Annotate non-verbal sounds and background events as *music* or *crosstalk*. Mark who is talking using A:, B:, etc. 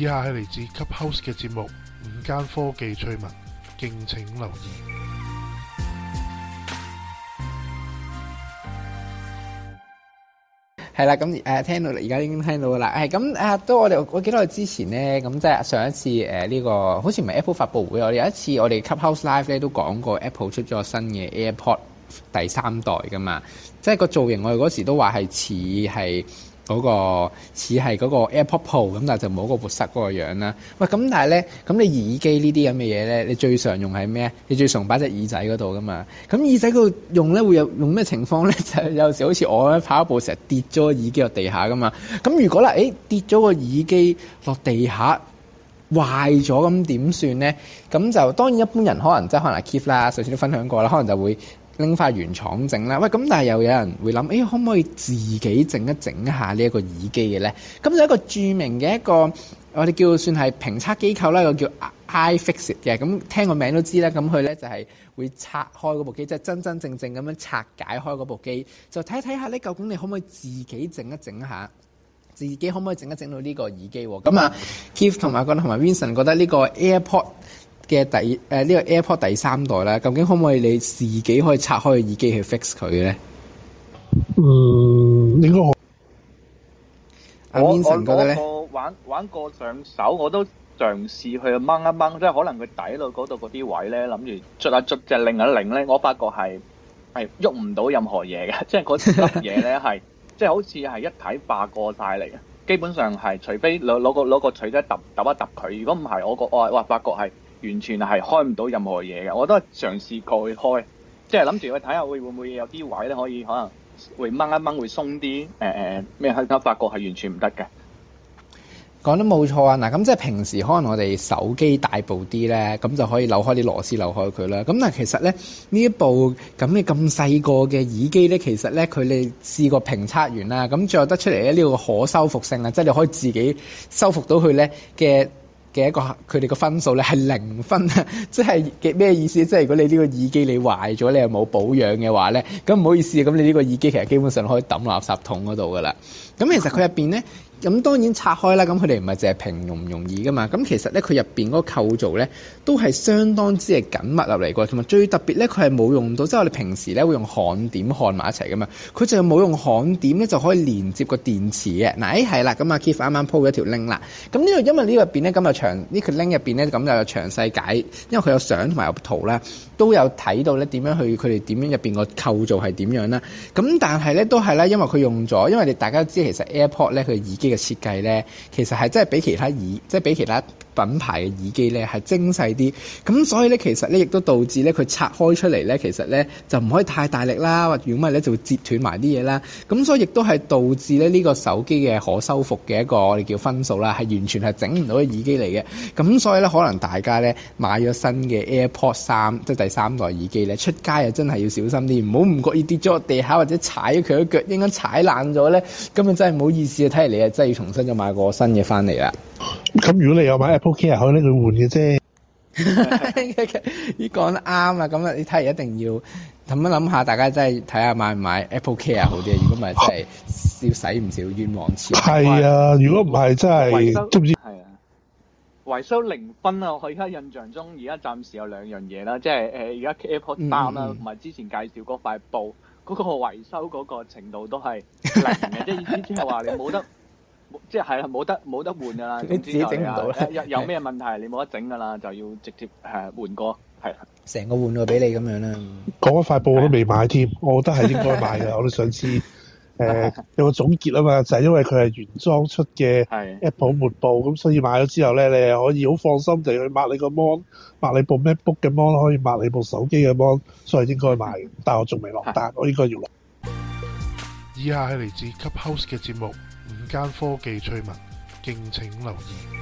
A: 以下係嚟自 Cup House 嘅節目《五間科技趣聞》，敬請留意。係啦，咁誒聽到，而家已經聽到啦。係咁誒，都我哋我幾多日之前咧，咁即係上一次誒呢個好似唔係 Apple 發布會，我哋有一次我哋 Cup House Live 咧都講過 Apple 出咗新嘅 AirPod 第三代噶嘛，即係個造型我哋嗰時都話係似係。嗰、嗰個似係嗰個 AirPods Pro 咁，但係就冇個個活塞嗰個樣啦。喂，咁但係咧，咁你耳機呢啲咁嘅嘢咧，你最常用係咩？你最常擺隻耳仔嗰度噶嘛？咁耳仔嗰度用咧會有用咩情況咧？就係、是、有時候好似我咧跑步成日跌咗耳機，地、欸、個耳機落地下噶嘛。咁如果啦誒跌咗個耳機落地下壞咗咁點算咧？咁就當然一般人可能即係可能 keep 啦，上次都分享過啦，可能就會。拎翻原廠整啦，喂咁，但係又有人會諗，哎，可唔可以自己整一整下呢一個耳機嘅咧？咁就一個著名嘅一個，我哋叫算係評測機構啦，又叫 iFixit 嘅，咁聽個名都知啦，咁佢咧就係會拆開嗰部機，即係真真正正咁樣拆解開嗰部機，就睇一睇下呢究竟你可唔可以自己整一整下？自己可唔可以整一整到呢個耳機？咁啊 Keith 同埋個同埋 Vincent 覺得呢個 AirPod，嘅第誒呢個 AirPod 第三代咧，究竟可唔可以你自己可以拆開耳機去 fix 佢嘅咧？嗯，應該可我我
B: 玩玩過上手，我都嘗試去掹一掹，即係可能佢底度嗰度嗰啲位咧，諗住捽下捽即係擰一擰咧。我發覺係係喐唔到任何嘢嘅，即係嗰啲嘢咧係即係好似係一體化過晒嚟嘅。基本上係除非攞攞個攞個錘仔揼揼一揼佢。如果唔係，我個我係哇發覺係。完全係開唔到任何嘢嘅，我都係嘗試過去開，即係諗住去睇下會會唔會有啲位咧可以可能會掹一掹會鬆啲，誒誒咩去得發覺係完全唔得嘅。
A: 講得冇錯啊！嗱，咁即係平時可能我哋手機大部啲咧，咁就可以扭開啲螺絲扭開佢啦。咁嗱，其實咧呢一部咁嘅咁細個嘅耳機咧，其實咧佢哋試過評測完啦，咁最後得出嚟咧呢個可修復性啊，即係你可以自己修復到佢咧嘅。嘅一個佢哋個分數咧係零分啊，即係咩意思？即係如果你呢個耳機你壞咗，你又冇保養嘅話咧，咁唔好意思啊。咁你呢個耳機其實基本上可以抌垃圾桶嗰度噶啦。咁其實佢入邊咧，咁當然拆開啦。咁佢哋唔係淨係平容唔容易噶嘛。咁其實咧佢入邊嗰個構造咧，都係相當之係緊密入嚟㗎。同埋最特別咧，佢係冇用到，即係我哋平時咧會用焊點焊埋一齊㗎嘛。佢就冇用焊點咧，就可以連接個電池嘅嗱。誒係啦，咁阿 Keith 啱啱 po 咗條 link 啦。咁呢度因為個面呢個入邊咧，今日這個呢個 link 入邊咧，咁就有詳細解，因為佢有相同埋有圖啦，都有睇到咧點樣去佢哋點樣入邊個構造係點樣啦。咁但係咧都係咧，因為佢用咗，因為你大家知其實 AirPod 咧佢耳機嘅設計咧，其實係真係比其他耳，即係比其他。品牌嘅耳機咧係精細啲，咁所以咧其實咧亦都導致咧佢拆開出嚟咧，其實咧就唔可以太大力啦，或者如果唔係咧就會折斷埋啲嘢啦。咁所以亦都係導致咧呢個手機嘅可修復嘅一個我哋叫分數啦，係完全係整唔到嘅耳機嚟嘅。咁所以咧可能大家咧買咗新嘅 AirPods 3，即係第三代耳機咧，出街啊真係要小心啲，唔好唔覺意跌咗落地下或者踩咗佢嘅腳，應該踩爛咗咧，咁啊真係唔好意思啊，睇嚟你啊真係要重新再買個新嘢翻嚟啊！咁如果你有買 Apple Care，可以拎佢換嘅啫。咦， *laughs* 講得啱啊！咁啊，你睇下一定要咁樣諗下，大家真係睇下買唔買 Apple Care 好啲。 *laughs* 啊、為如果唔係真係要使唔少冤枉錢。係啊！如果唔係真係，維修零分啊！我而家印象中，而家暫時有兩
B: 樣嘢啦，即係而家 Apple Watch 啦、嗯，同埋之前介紹嗰塊布嗰、嗰個維修嗰個程度都係零嘅，即係 *laughs* 意思即係話你冇得。即係冇得冇得換噶啦，你自己整唔到有有咩問題 *laughs* 你冇得整噶啦，就要直接誒換過
A: 係成個換過俾你咁樣啦。嗰、嗯、一塊布我都未買添， *laughs* 我覺得係應該買嘅。我都想知，誒、呃、有個總結啊嘛，就係、是、因為佢係原裝出嘅 Apple 膜布，咁 *laughs* 的所以買咗之後咧，你可以好放心地去抹你個 Mon，抹你部 MacBook 嘅 Mon，可以抹你部手機嘅 Mon，所以應該買，但係我仲未落單， *laughs* 的我應該要落。以下係嚟自 Cup House 嘅節目。間科技趣聞，敬請留意。